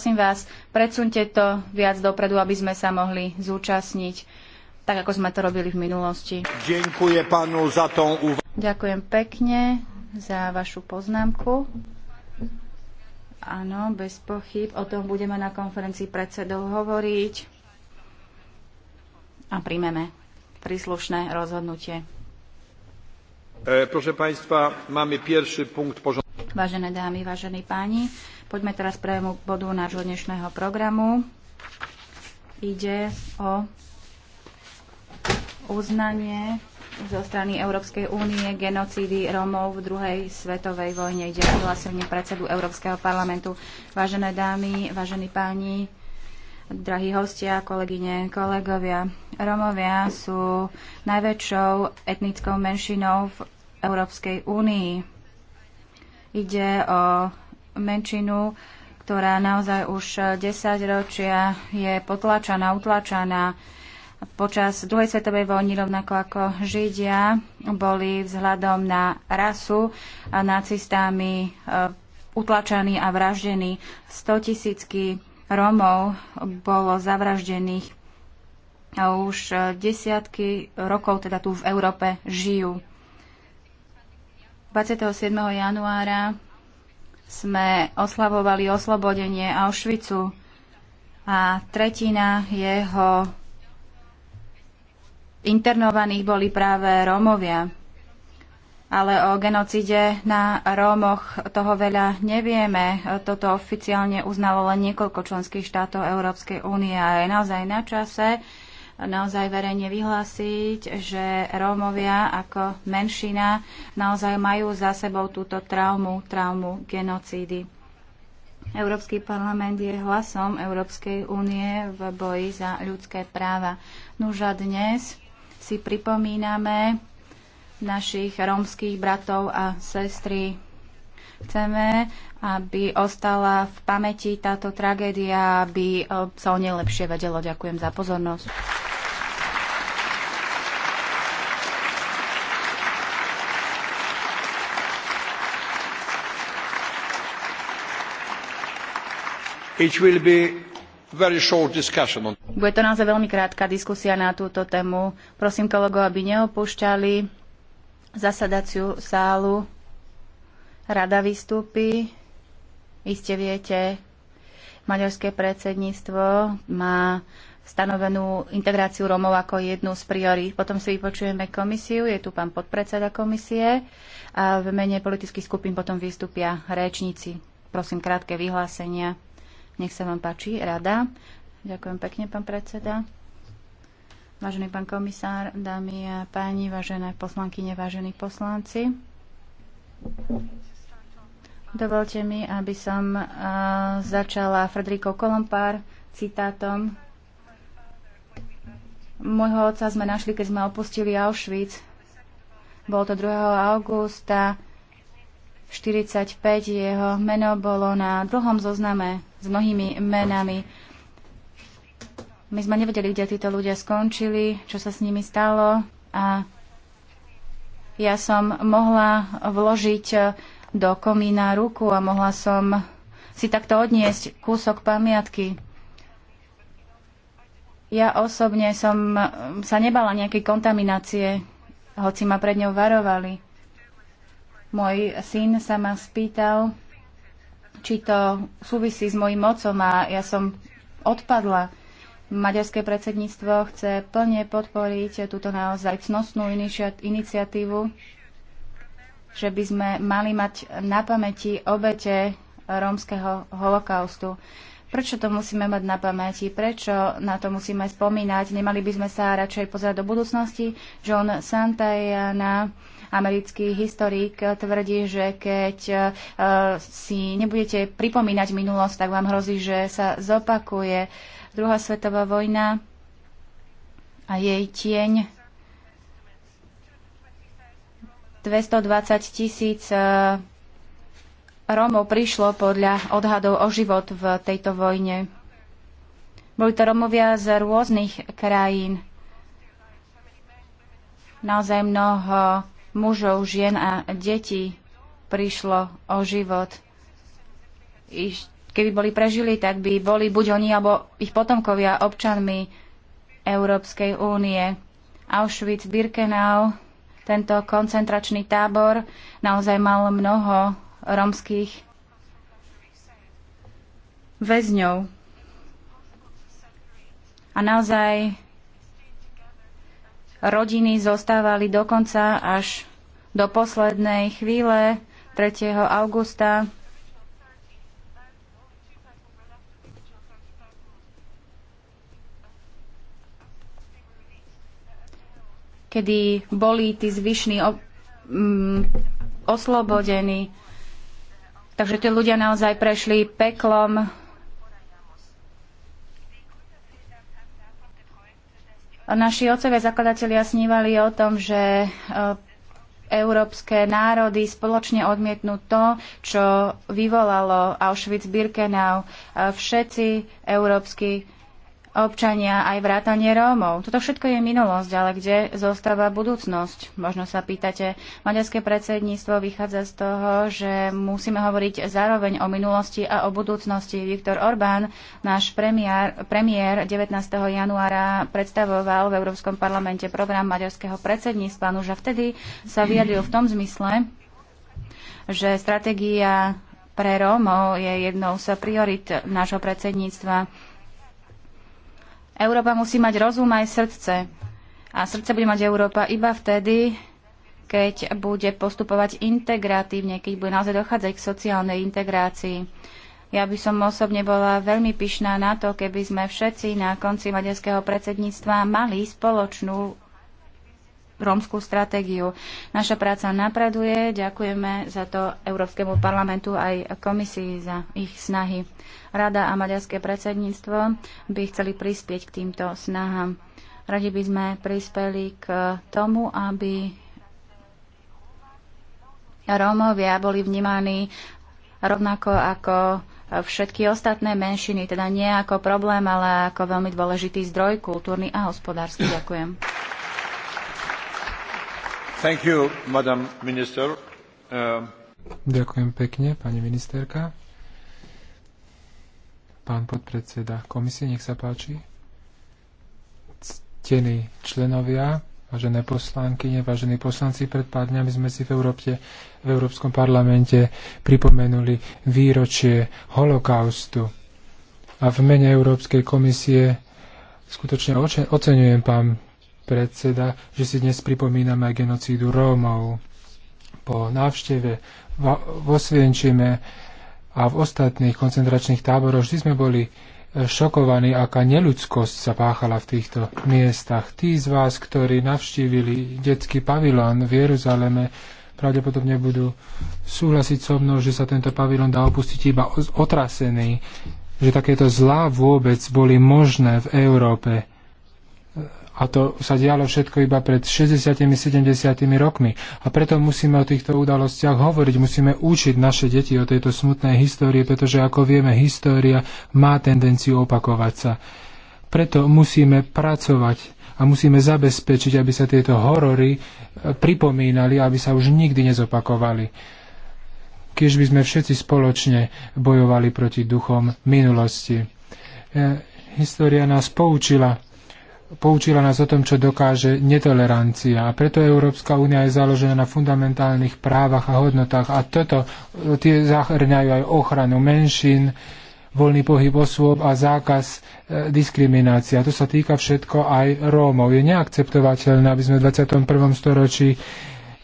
Prosím vás, predsunte to viac dopredu, aby sme sa mohli zúčastniť, tak ako sme to robili v minulosti. Ďakujem, pánu za to... Ďakujem pekne za vašu poznámku. Áno, bez pochyb. O tom budeme na konferencii predsedov hovoriť a príjmeme príslušné rozhodnutie. E, proszę Państwa, mamy pierwszy punkt porządku. Vážené dámy, vážení páni, poďme teraz k prvému bodu nášho dnešného programu. Ide o uznanie zo strany Európskej únie genocídy Rómov v druhej svetovej vojne. Ide o hlasenie predsedu Európskeho parlamentu. Vážené dámy, vážení páni, drahí hostia, kolegyne, kolegovia. Romovia sú najväčšou etnickou menšinou v Európskej únii Ide o menšinu, ktorá naozaj už 10 ročia je potlačaná, utlačaná. Počas druhej svetovej vojny, rovnako ako Židia, boli vzhľadom na rasu a nacistami e, utlačaní a vraždení. 100 tisícky Romov bolo zavraždených a už e, desiatky rokov teda tu v Európe žijú. 27. januára sme oslavovali oslobodenie Auschwitzu a tretina jeho internovaných boli práve Rómovia. Ale o genocide na Rómoch toho veľa nevieme. Toto oficiálne uznalo len niekoľko členských štátov Európskej únie a je naozaj na čase, naozaj verejne vyhlásiť, že Rómovia ako menšina naozaj majú za sebou túto traumu, traumu genocídy. Európsky parlament je hlasom Európskej únie v boji za ľudské práva. No a dnes si pripomíname našich rómskych bratov a sestry. Chceme, aby ostala v pamäti táto tragédia, aby sa o nej lepšie vedelo. Ďakujem za pozornosť. Bude to naozaj veľmi krátka diskusia na túto tému. Prosím kolegov, aby neopúšťali zasadaciu sálu. Rada vystúpi. Iste viete, maďarské predsedníctvo má stanovenú integráciu Rómov ako jednu z priorít. Potom si vypočujeme komisiu, je tu pán podpredseda komisie a v mene politických skupín potom vystúpia réčníci. Prosím, krátke vyhlásenia. Nech sa vám páči, rada. Ďakujem pekne, pán predseda. Vážený pán komisár, dámy a páni, vážené poslankyne, vážení poslanci. Dovolte mi, aby som uh, začala Frederico Kolompár citátom. Môjho otca sme našli, keď sme opustili Auschwitz. Bolo to 2. augusta 45. Jeho meno bolo na dlhom zozname s mnohými menami. My sme nevedeli, kde títo ľudia skončili, čo sa s nimi stalo a ja som mohla vložiť do komína ruku a mohla som si takto odniesť kúsok pamiatky. Ja osobne som sa nebala nejakej kontaminácie, hoci ma pred ňou varovali. Môj syn sa ma spýtal, či to súvisí s mojim mocom a ja som odpadla. Maďarské predsedníctvo chce plne podporiť túto naozaj cnostnú iniciatívu, že by sme mali mať na pamäti obete rómskeho holokaustu. Prečo to musíme mať na pamäti? Prečo na to musíme spomínať? Nemali by sme sa radšej pozerať do budúcnosti? John Santayana, americký historik, tvrdí, že keď e, si nebudete pripomínať minulosť, tak vám hrozí, že sa zopakuje druhá svetová vojna a jej tieň 220 tisíc e, Rómov prišlo podľa odhadov o život v tejto vojne. Boli to Rómovia z rôznych krajín. Naozaj mnoho mužov, žien a detí prišlo o život. Keby boli prežili, tak by boli buď oni alebo ich potomkovia občanmi Európskej únie. Auschwitz-Birkenau, tento koncentračný tábor, naozaj mal mnoho romských väzňov. A naozaj rodiny zostávali dokonca až do poslednej chvíle 3. augusta. kedy boli tí zvyšní mm, oslobodení. Takže tí ľudia naozaj prešli peklom. Naši otcovia zakladatelia snívali o tom, že e, európske národy spoločne odmietnú to, čo vyvolalo Auschwitz-Birkenau. Všetci európsky občania aj vrátanie Rómov. Toto všetko je minulosť, ale kde zostáva budúcnosť? Možno sa pýtate, maďarské predsedníctvo vychádza z toho, že musíme hovoriť zároveň o minulosti a o budúcnosti. Viktor Orbán, náš premiér, premiér 19. januára predstavoval v Európskom parlamente program maďarského predsedníctva. Už a vtedy sa vyjadril v tom zmysle, že stratégia pre Rómov je jednou z priorit nášho predsedníctva Európa musí mať rozum aj srdce. A srdce bude mať Európa iba vtedy, keď bude postupovať integratívne, keď bude naozaj dochádzať k sociálnej integrácii. Ja by som osobne bola veľmi pyšná na to, keby sme všetci na konci maďarského predsedníctva mali spoločnú rómskú stratégiu. Naša práca napreduje, ďakujeme za to Európskemu parlamentu aj komisii za ich snahy. Rada a maďarské predsedníctvo by chceli prispieť k týmto snahám. Radi by sme prispeli k tomu, aby Rómovia boli vnímaní rovnako ako všetky ostatné menšiny, teda nie ako problém, ale ako veľmi dôležitý zdroj kultúrny a hospodársky. Ďakujem. Um, Ďakujem pekne, pani ministerka. Pán podpredseda komisie, nech sa páči. Ctení členovia, vážené poslankyne, vážení poslanci, pred pár dňami sme si v, Európe, v Európskom parlamente pripomenuli výročie holokaustu. A v mene Európskej komisie skutočne oceňujem pán predseda, že si dnes pripomíname aj genocídu Rómov. Po návšteve vo Svienčime a v ostatných koncentračných táboroch vždy sme boli eh, šokovaní, aká neludskosť sa páchala v týchto miestach. Tí z vás, ktorí navštívili detský pavilón v Jeruzaleme, pravdepodobne budú súhlasiť so mnou, že sa tento pavilón dá opustiť iba otrasený, že takéto zlá vôbec boli možné v Európe. A to sa dialo všetko iba pred 60-70 rokmi. A preto musíme o týchto udalostiach hovoriť, musíme učiť naše deti o tejto smutnej histórii, pretože ako vieme, história má tendenciu opakovať sa. Preto musíme pracovať a musíme zabezpečiť, aby sa tieto horory e, pripomínali, aby sa už nikdy nezopakovali kiež by sme všetci spoločne bojovali proti duchom minulosti. E, história nás poučila poučila nás o tom, čo dokáže netolerancia. A preto Európska únia je založená na fundamentálnych právach a hodnotách. A toto, tie zahrňajú aj ochranu menšín, voľný pohyb osôb a zákaz e, diskriminácia. To sa týka všetko aj Rómov. Je neakceptovateľné, aby sme v 21. storočí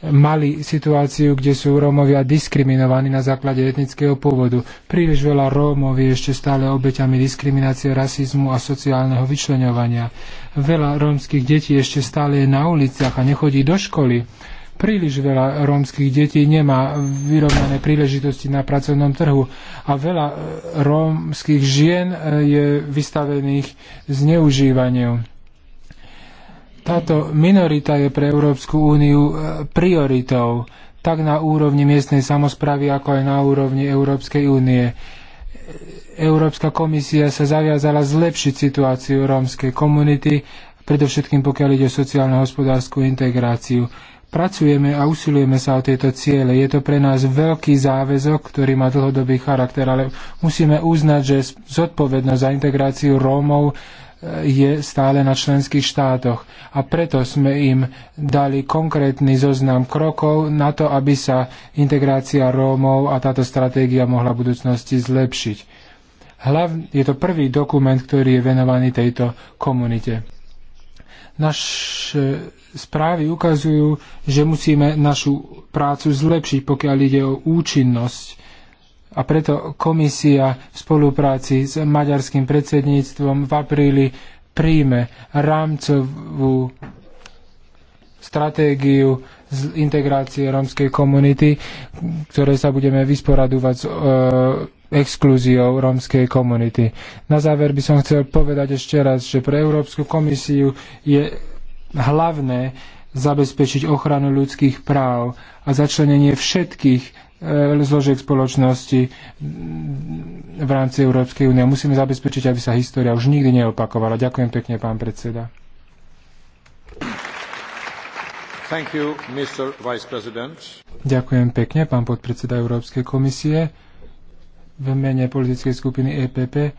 mali situáciu, kde sú Rómovia diskriminovaní na základe etnického pôvodu. Príliš veľa Rómov je ešte stále obeťami diskriminácie, rasizmu a sociálneho vyčlenovania. Veľa rómskych detí ešte stále je na uliciach a nechodí do školy. Príliš veľa rómskych detí nemá vyrovnané príležitosti na pracovnom trhu a veľa e, rómskych žien e, je vystavených zneužívaniu táto minorita je pre Európsku úniu e, prioritou, tak na úrovni miestnej samozpravy, ako aj na úrovni Európskej únie. Európska komisia sa zaviazala zlepšiť situáciu rómskej komunity, predovšetkým pokiaľ ide o sociálno-hospodárskú integráciu. Pracujeme a usilujeme sa o tieto ciele. Je to pre nás veľký záväzok, ktorý má dlhodobý charakter, ale musíme uznať, že zodpovednosť za integráciu Rómov je stále na členských štátoch. A preto sme im dali konkrétny zoznam krokov na to, aby sa integrácia Rómov a táto stratégia mohla v budúcnosti zlepšiť. Hlav, je to prvý dokument, ktorý je venovaný tejto komunite. Naše správy ukazujú, že musíme našu prácu zlepšiť, pokiaľ ide o účinnosť a preto komisia v spolupráci s maďarským predsedníctvom v apríli príjme rámcovú stratégiu z integrácie rómskej komunity, ktoré sa budeme vysporadovať s e, exklúziou rómskej komunity. Na záver by som chcel povedať ešte raz, že pre Európsku komisiu je hlavné zabezpečiť ochranu ľudských práv a začlenenie všetkých E, zložiek spoločnosti v rámci Európskej únie. Musíme zabezpečiť, aby sa história už nikdy neopakovala. Ďakujem pekne, pán predseda. Thank you, Mr. Vice President. Ďakujem pekne, pán podpredseda Európskej komisie. V mene politickej skupiny EPP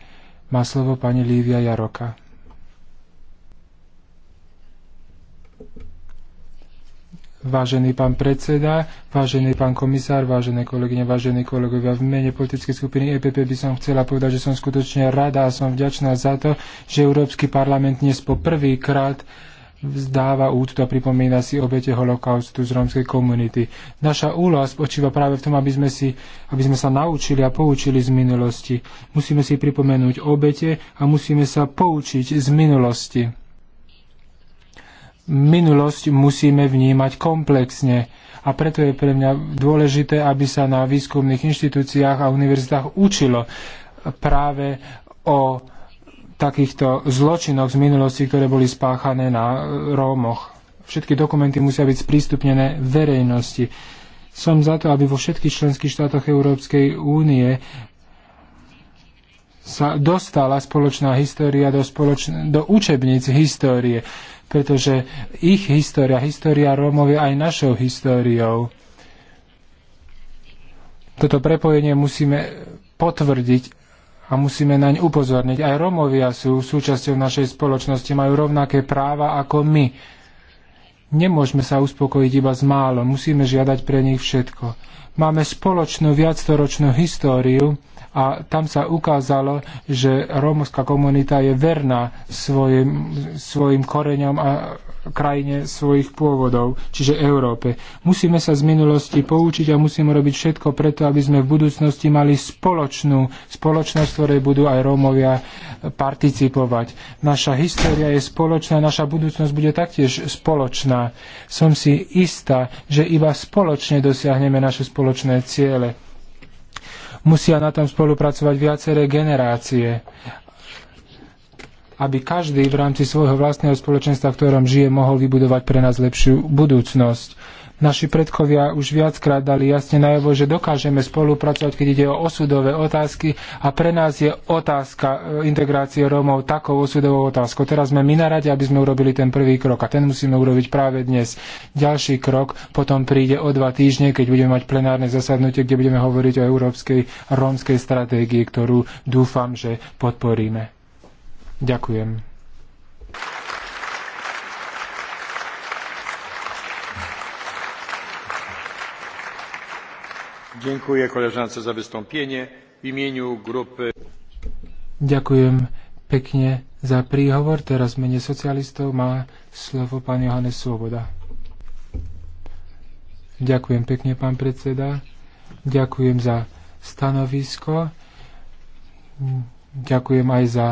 má slovo pani Lívia Jaroka. Vážený pán predseda, vážený pán komisár, vážené kolegyne, vážení kolegovia, v mene politickej skupiny EPP by som chcela povedať, že som skutočne rada a som vďačná za to, že Európsky parlament dnes po prvýkrát vzdáva úctu a pripomína si obete holokaustu z rómskej komunity. Naša úloha spočíva práve v tom, aby sme, si, aby sme sa naučili a poučili z minulosti. Musíme si pripomenúť obete a musíme sa poučiť z minulosti minulosť musíme vnímať komplexne. A preto je pre mňa dôležité, aby sa na výskumných inštitúciách a univerzitách učilo práve o takýchto zločinoch z minulosti, ktoré boli spáchané na Rómoch. Všetky dokumenty musia byť sprístupnené verejnosti. Som za to, aby vo všetkých členských štátoch Európskej únie sa dostala spoločná história do, spoločn- do učebníc histórie pretože ich história, história Rómov je aj našou históriou. Toto prepojenie musíme potvrdiť a musíme naň upozorniť. Aj Romovia sú súčasťou našej spoločnosti, majú rovnaké práva ako my. Nemôžeme sa uspokojiť iba s málo, musíme žiadať pre nich všetko. Máme spoločnú viacstoročnú históriu a tam sa ukázalo, že rómska komunita je verná svojim, svojim koreňom a krajine svojich pôvodov, čiže Európe. Musíme sa z minulosti poučiť a musíme robiť všetko preto, aby sme v budúcnosti mali spoločnú spoločnosť, ktorej budú aj Rómovia participovať. Naša história je spoločná, naša budúcnosť bude taktiež spoločná. Som si istá, že iba spoločne dosiahneme našu spoločnosť spoločné ciele. Musia na tom spolupracovať viaceré generácie, aby každý v rámci svojho vlastného spoločenstva, v ktorom žije, mohol vybudovať pre nás lepšiu budúcnosť. Naši predkovia už viackrát dali jasne najavo, že dokážeme spolupracovať, keď ide o osudové otázky a pre nás je otázka e, integrácie Rómov takou osudovou otázkou. Teraz sme my na rade, aby sme urobili ten prvý krok a ten musíme urobiť práve dnes. Ďalší krok potom príde o dva týždne, keď budeme mať plenárne zasadnutie, kde budeme hovoriť o európskej rómskej stratégii, ktorú dúfam, že podporíme. Ďakujem. Ďakujem koleżance za wystąpienie. W imieniu grupy... Ďakujem pekne za príhovor. Teraz v mene socialistov má slovo pán Johannes Svoboda. Ďakujem pekne, pán predseda. Ďakujem za stanovisko. Ďakujem aj za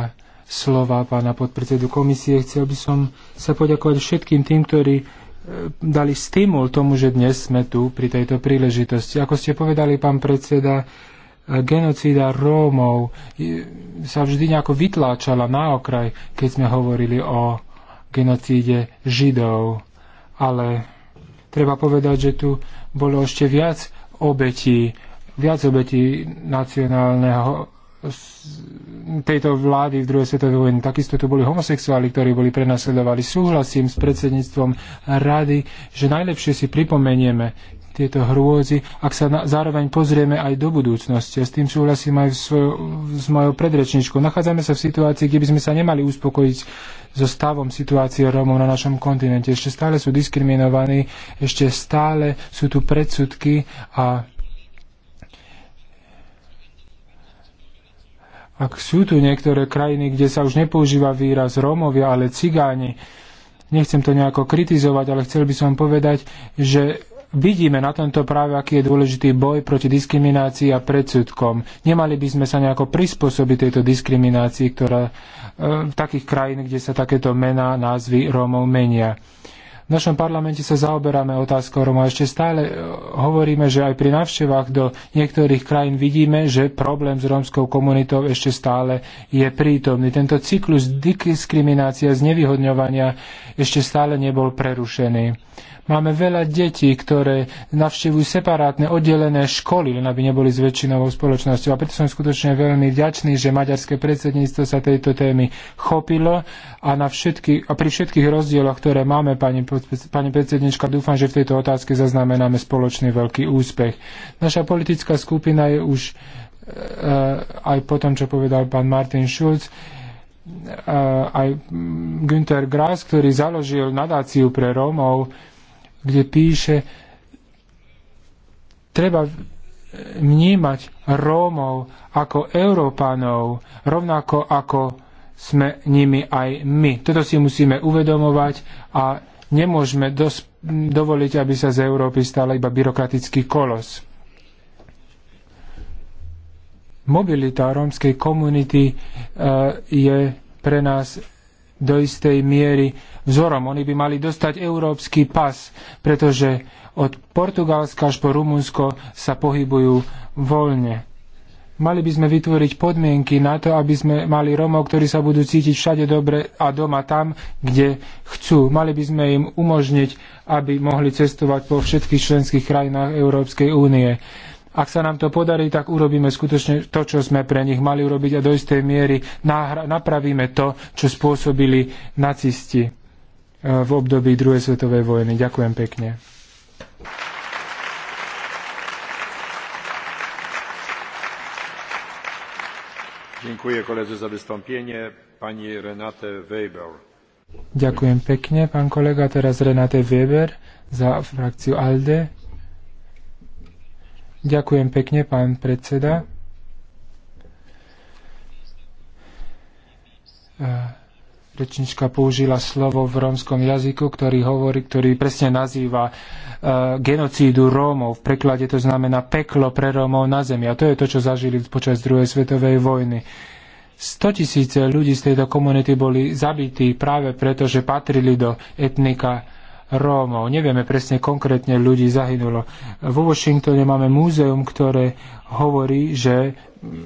slova pána podpredsedu komisie. Chcel by som sa poďakovať všetkým tým, ktorí E, dali stimul tomu, že dnes sme tu pri tejto príležitosti. Ako ste povedali, pán predseda, e, genocída Rómov e, sa vždy nejako vytláčala na okraj, keď sme hovorili o genocíde Židov. Ale treba povedať, že tu bolo ešte viac obetí, viac obetí nacionálneho tejto vlády v druhej svetovej vojne. Takisto tu boli homosexuáli, ktorí boli prenasledovali. Súhlasím s predsedníctvom rady, že najlepšie si pripomenieme tieto hrôzy, ak sa na, zároveň pozrieme aj do budúcnosti. A s tým súhlasím aj v s mojou predrečničkou. Nachádzame sa v situácii, kde by sme sa nemali uspokojiť so stavom situácie Rómov na našom kontinente. Ešte stále sú diskriminovaní, ešte stále sú tu predsudky a Ak sú tu niektoré krajiny, kde sa už nepoužíva výraz Rómovia, ale Cigáni, nechcem to nejako kritizovať, ale chcel by som povedať, že vidíme na tomto práve, aký je dôležitý boj proti diskriminácii a predsudkom. Nemali by sme sa nejako prispôsobiť tejto diskriminácii, ktorá e, v takých krajín, kde sa takéto mená, názvy Rómov menia. V našom parlamente sa zaoberáme otázkou Roma. Ešte stále e, hovoríme, že aj pri navštevách do niektorých krajín vidíme, že problém s rómskou komunitou ešte stále je prítomný. Tento cyklus diskriminácia, znevýhodňovania ešte stále nebol prerušený. Máme veľa detí, ktoré navštevujú separátne, oddelené školy, len aby neboli s väčšinovou spoločnosťou. A preto som skutočne veľmi vďačný, že maďarské predsedníctvo sa tejto témy chopilo a, na všetky, a pri všetkých rozdieloch, ktoré máme, pani pani predsednička. Dúfam, že v tejto otázke zaznamenáme spoločný veľký úspech. Naša politická skupina je už e, e, aj po tom, čo povedal pán Martin Schulz, e, aj Günther Grass, ktorý založil nadáciu pre Rómov, kde píše, treba vnímať Rómov ako Európanov, rovnako ako sme nimi aj my. Toto si musíme uvedomovať a Nemôžeme dos- dovoliť, aby sa z Európy stala iba byrokratický kolos. Mobilita rómskej komunity uh, je pre nás do istej miery vzorom. Oni by mali dostať európsky pas, pretože od Portugalska až po Rumunsko sa pohybujú voľne. Mali by sme vytvoriť podmienky na to, aby sme mali Romov, ktorí sa budú cítiť všade dobre a doma tam, kde chcú. Mali by sme im umožniť, aby mohli cestovať po všetkých členských krajinách Európskej únie. Ak sa nám to podarí, tak urobíme skutočne to, čo sme pre nich mali urobiť a do istej miery napravíme to, čo spôsobili nacisti eh, v období druhej svetovej vojny. Ďakujem pekne. Ďakujem koledze za vystąpienie. Pani Renate Weber. Ďakujem pekne, pán kolega. Teraz Renate Weber za frakciu ALDE. Ďakujem pekne, pán predseda. Uh rečnička použila slovo v rómskom jazyku, ktorý hovorí, ktorý presne nazýva uh, genocídu Rómov. V preklade to znamená peklo pre Rómov na zemi. A to je to, čo zažili počas druhej svetovej vojny. 100 tisíce ľudí z tejto komunity boli zabití práve preto, že patrili do etnika Rómov. Nevieme presne konkrétne ľudí zahynulo. Vo Washingtone máme múzeum, ktoré hovorí, že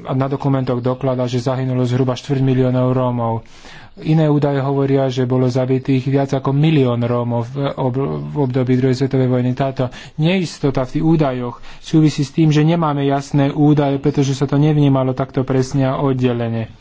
na dokumentoch doklada, že zahynulo zhruba 4 miliónov Rómov. Iné údaje hovoria, že bolo zabitých viac ako milión Rómov v, ob- v období druhej svetovej vojny. Táto neistota v tých údajoch súvisí s tým, že nemáme jasné údaje, pretože sa to nevnímalo takto presne a oddelenie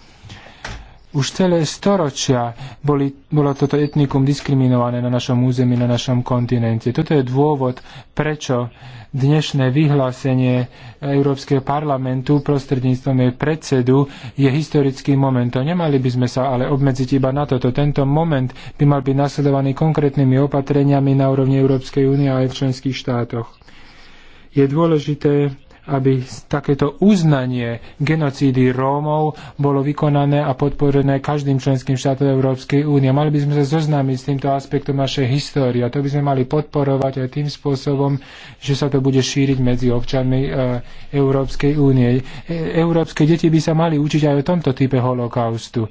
už celé storočia boli, bolo toto etnikum diskriminované na našom území, na našom kontinente. Toto je dôvod, prečo dnešné vyhlásenie Európskeho parlamentu prostredníctvom jej predsedu je historický moment. To nemali by sme sa ale obmedziť iba na toto. Tento moment by mal byť nasledovaný konkrétnymi opatreniami na úrovni Európskej únie a aj v členských štátoch. Je dôležité aby takéto uznanie genocídy Rómov bolo vykonané a podporené každým členským štátom Európskej únie. Mali by sme sa zoznámiť s týmto aspektom našej histórie a to by sme mali podporovať aj tým spôsobom, že sa to bude šíriť medzi občanmi e, Európskej únie. E, európske deti by sa mali učiť aj o tomto type holokaustu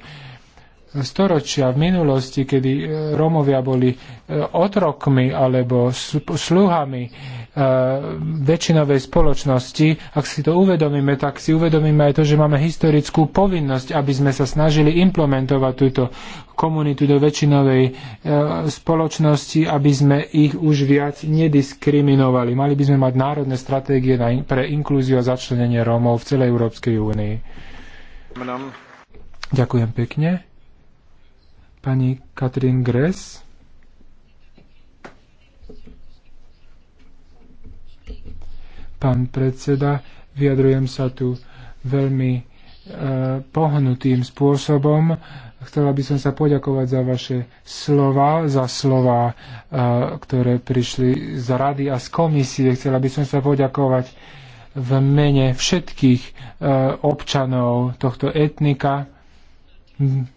storočia v minulosti, kedy e, Rómovia boli e, otrokmi alebo sluhami e, väčšinovej spoločnosti, ak si to uvedomíme, tak si uvedomíme aj to, že máme historickú povinnosť, aby sme sa snažili implementovať túto komunitu do väčšinovej spoločnosti, aby sme ich už viac nediskriminovali. Mali by sme mať národné stratégie pre inklúziu a začlenenie Rómov v celej Európskej únii. Ďakujem pekne. Pani Katrin Gress. Pán predseda, vyjadrujem sa tu veľmi e, pohnutým spôsobom. Chcela by som sa poďakovať za vaše slova, za slova, e, ktoré prišli z rady a z komisie. Chcela by som sa poďakovať v mene všetkých e, občanov tohto etnika. Hm,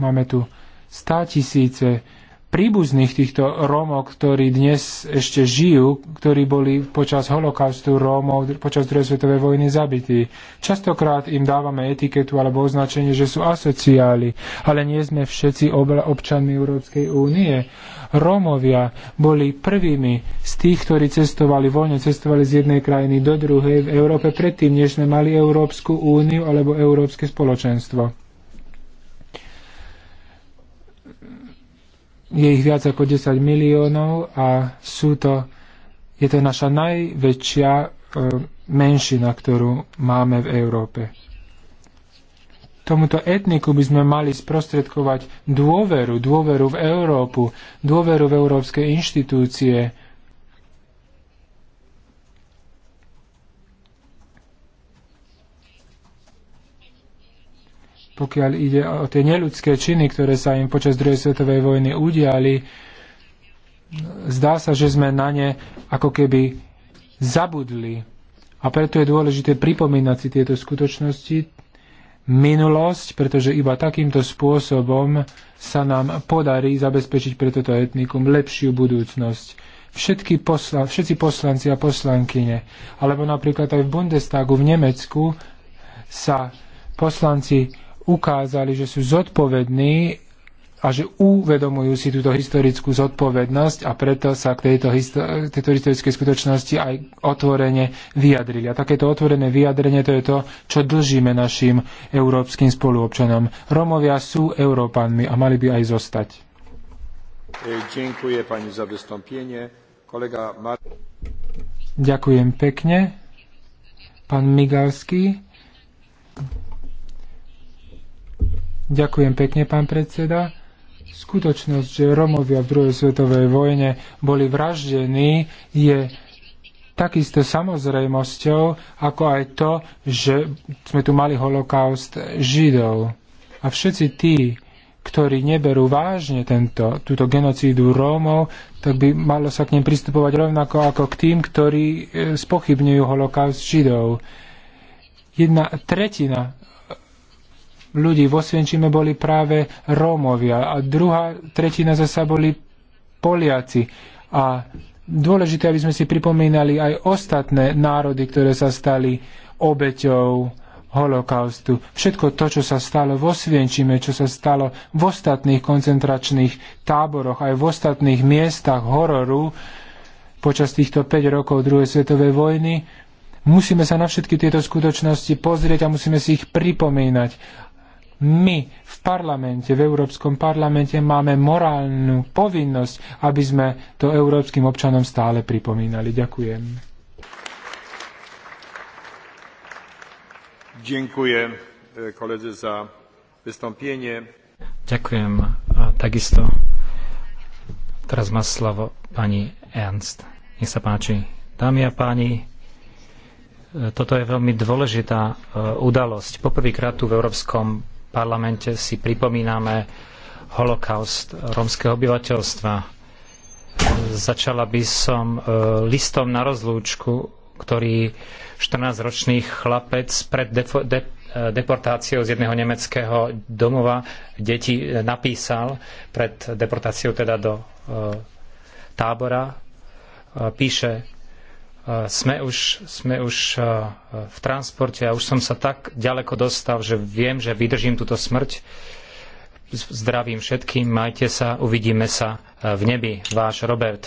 máme tu stá tisíce príbuzných týchto Rómov, ktorí dnes ešte žijú, ktorí boli počas holokaustu Rómov, počas druhej svetovej vojny zabití. Častokrát im dávame etiketu alebo označenie, že sú asociáli, ale nie sme všetci občanmi Európskej únie. Rómovia boli prvými z tých, ktorí cestovali voľne, cestovali z jednej krajiny do druhej v Európe predtým, než sme mali Európsku úniu alebo Európske spoločenstvo je ich viac ako 10 miliónov a sú to, je to naša najväčšia e, menšina, ktorú máme v Európe. Tomuto etniku by sme mali sprostredkovať dôveru, dôveru v Európu, dôveru v európske inštitúcie, pokiaľ ide o tie neľudské činy, ktoré sa im počas druhej svetovej vojny udiali, zdá sa, že sme na ne ako keby zabudli. A preto je dôležité pripomínať si tieto skutočnosti, minulosť, pretože iba takýmto spôsobom sa nám podarí zabezpečiť pre toto etnikum lepšiu budúcnosť. Všetky posla, všetci poslanci a poslankyne, alebo napríklad aj v Bundestagu v Nemecku sa poslanci ukázali, že sú zodpovední a že uvedomujú si túto historickú zodpovednosť a preto sa k tejto, histo- tejto historickej skutočnosti aj otvorene vyjadrili. A takéto otvorené vyjadrenie to je to, čo dlžíme našim európskym spoluobčanom. Romovia sú Európanmi a mali by aj zostať. Ďakujem e, pani za vystąpienie. Kolega Mar- Ďakujem pekne. Pán Migalský. Ďakujem pekne, pán predseda. Skutočnosť, že Romovia v druhej svetovej vojne boli vraždení, je takisto samozrejmosťou, ako aj to, že sme tu mali holokaust Židov. A všetci tí, ktorí neberú vážne tento, túto genocídu Rómov, tak by malo sa k nim pristupovať rovnako ako k tým, ktorí e, spochybňujú holokaust Židov. Jedna tretina ľudí vo Osvienčime boli práve Rómovia a druhá tretina zasa boli Poliaci. A dôležité, aby sme si pripomínali aj ostatné národy, ktoré sa stali obeťou holokaustu. Všetko to, čo sa stalo vo Osvienčime, čo sa stalo v ostatných koncentračných táboroch, aj v ostatných miestach hororu počas týchto 5 rokov druhej svetovej vojny, musíme sa na všetky tieto skutočnosti pozrieť a musíme si ich pripomínať my v parlamente, v Európskom parlamente máme morálnu povinnosť, aby sme to európskym občanom stále pripomínali. Ďakujem. Ďakujem koledze za vystąpienie. Ďakujem a takisto. Teraz má slovo pani Ernst. Nech sa páči. Dámy a páni, e, toto je veľmi dôležitá e, udalosť. Poprvýkrát tu v Európskom parlamente si pripomíname holokaust rómskeho obyvateľstva. Začala by som e, listom na rozlúčku, ktorý 14-ročný chlapec pred e, deportáciou z jedného nemeckého domova deti e, napísal pred deportáciou teda do tábora. Píše, sme už, sme už v transporte a už som sa tak ďaleko dostal, že viem, že vydržím túto smrť. Zdravím všetkým, majte sa, uvidíme sa v nebi, váš Robert.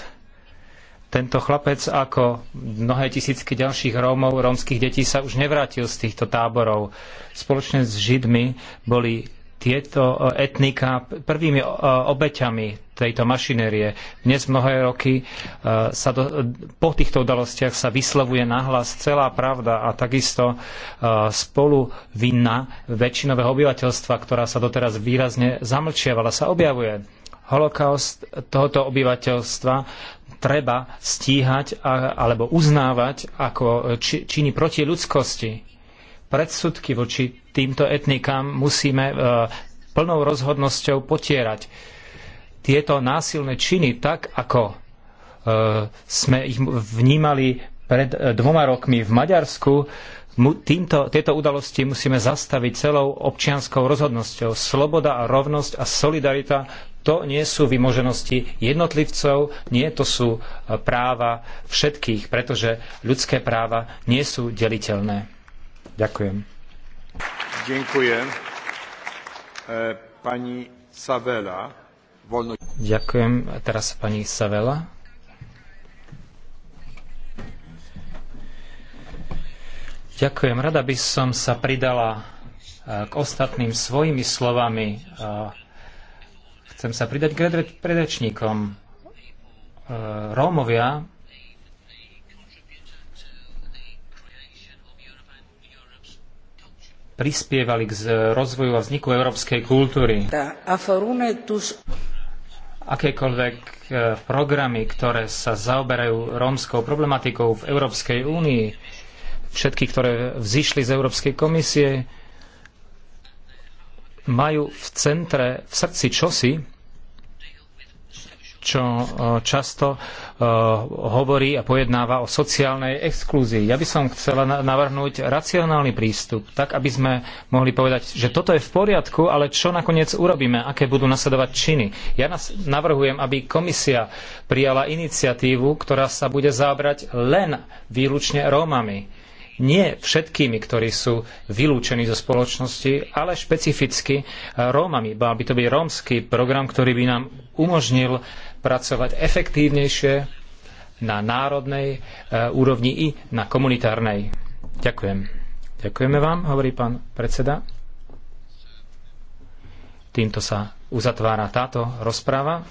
Tento chlapec, ako mnohé tisícky ďalších Rómov, rómskych detí, sa už nevrátil z týchto táborov. Spoločne s Židmi boli tieto e, etnika prvými e, obeťami tejto mašinérie. Dnes mnohé roky e, sa do, po týchto udalostiach sa vyslovuje nahlas celá pravda a takisto spolu vinna väčšinového obyvateľstva, ktorá sa doteraz výrazne zamlčiavala, sa objavuje. Holokaust tohoto obyvateľstva treba stíhať alebo uznávať ako činy proti ľudskosti predsudky voči týmto etnikám musíme e, plnou rozhodnosťou potierať. Tieto násilné činy, tak ako e, sme ich vnímali pred e, dvoma rokmi v Maďarsku, týmto, tieto udalosti musíme zastaviť celou občianskou rozhodnosťou. Sloboda a rovnosť a solidarita to nie sú vymoženosti jednotlivcov, nie to sú práva všetkých, pretože ľudské práva nie sú deliteľné. Ďakujem. Ďakujem. E, pani Savela. Voľno... Ďakujem. A teraz pani Savela. Ďakujem. Rada by som sa pridala e, k ostatným svojimi slovami. E, chcem sa pridať k predrečníkom. Rómovia prispievali k rozvoju a vzniku európskej kultúry. Akékoľvek e, programy, ktoré sa zaoberajú rómskou problematikou v Európskej únii, všetky, ktoré vzýšli z Európskej komisie, majú v centre, v srdci čosi, čo e, často e, hovorí a pojednáva o sociálnej exklúzii. Ja by som chcela navrhnúť racionálny prístup, tak aby sme mohli povedať, že toto je v poriadku, ale čo nakoniec urobíme, aké budú nasledovať činy. Ja navrhujem, aby komisia prijala iniciatívu, ktorá sa bude zábrať len výlučne Rómami nie všetkými, ktorí sú vylúčení zo spoločnosti, ale špecificky e, Rómami. Mal by to byť rómsky program, ktorý by nám umožnil pracovať efektívnejšie na národnej e, úrovni i na komunitárnej. Ďakujem. Ďakujeme vám, hovorí pán predseda. Týmto sa uzatvára táto rozpráva.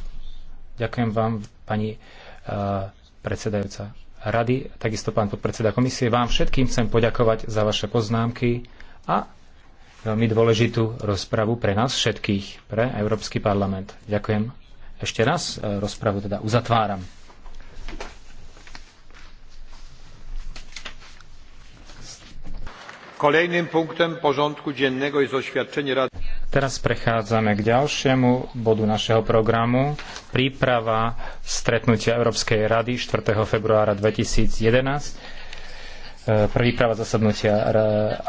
Ďakujem vám, pani e, predsedajúca rady, takisto pán podpredseda komisie. Vám všetkým chcem poďakovať za vaše poznámky a veľmi dôležitú rozpravu pre nás všetkých, pre Európsky parlament. Ďakujem. Ešte raz e, rozpravu teda uzatváram. Kolejným punktem porządku dziennego je oświadczenie Rady. Teraz prechádzame k ďalšiemu bodu našeho programu. Príprava stretnutia Európskej rady 4. februára 2011. E, Príprava zasadnutia e,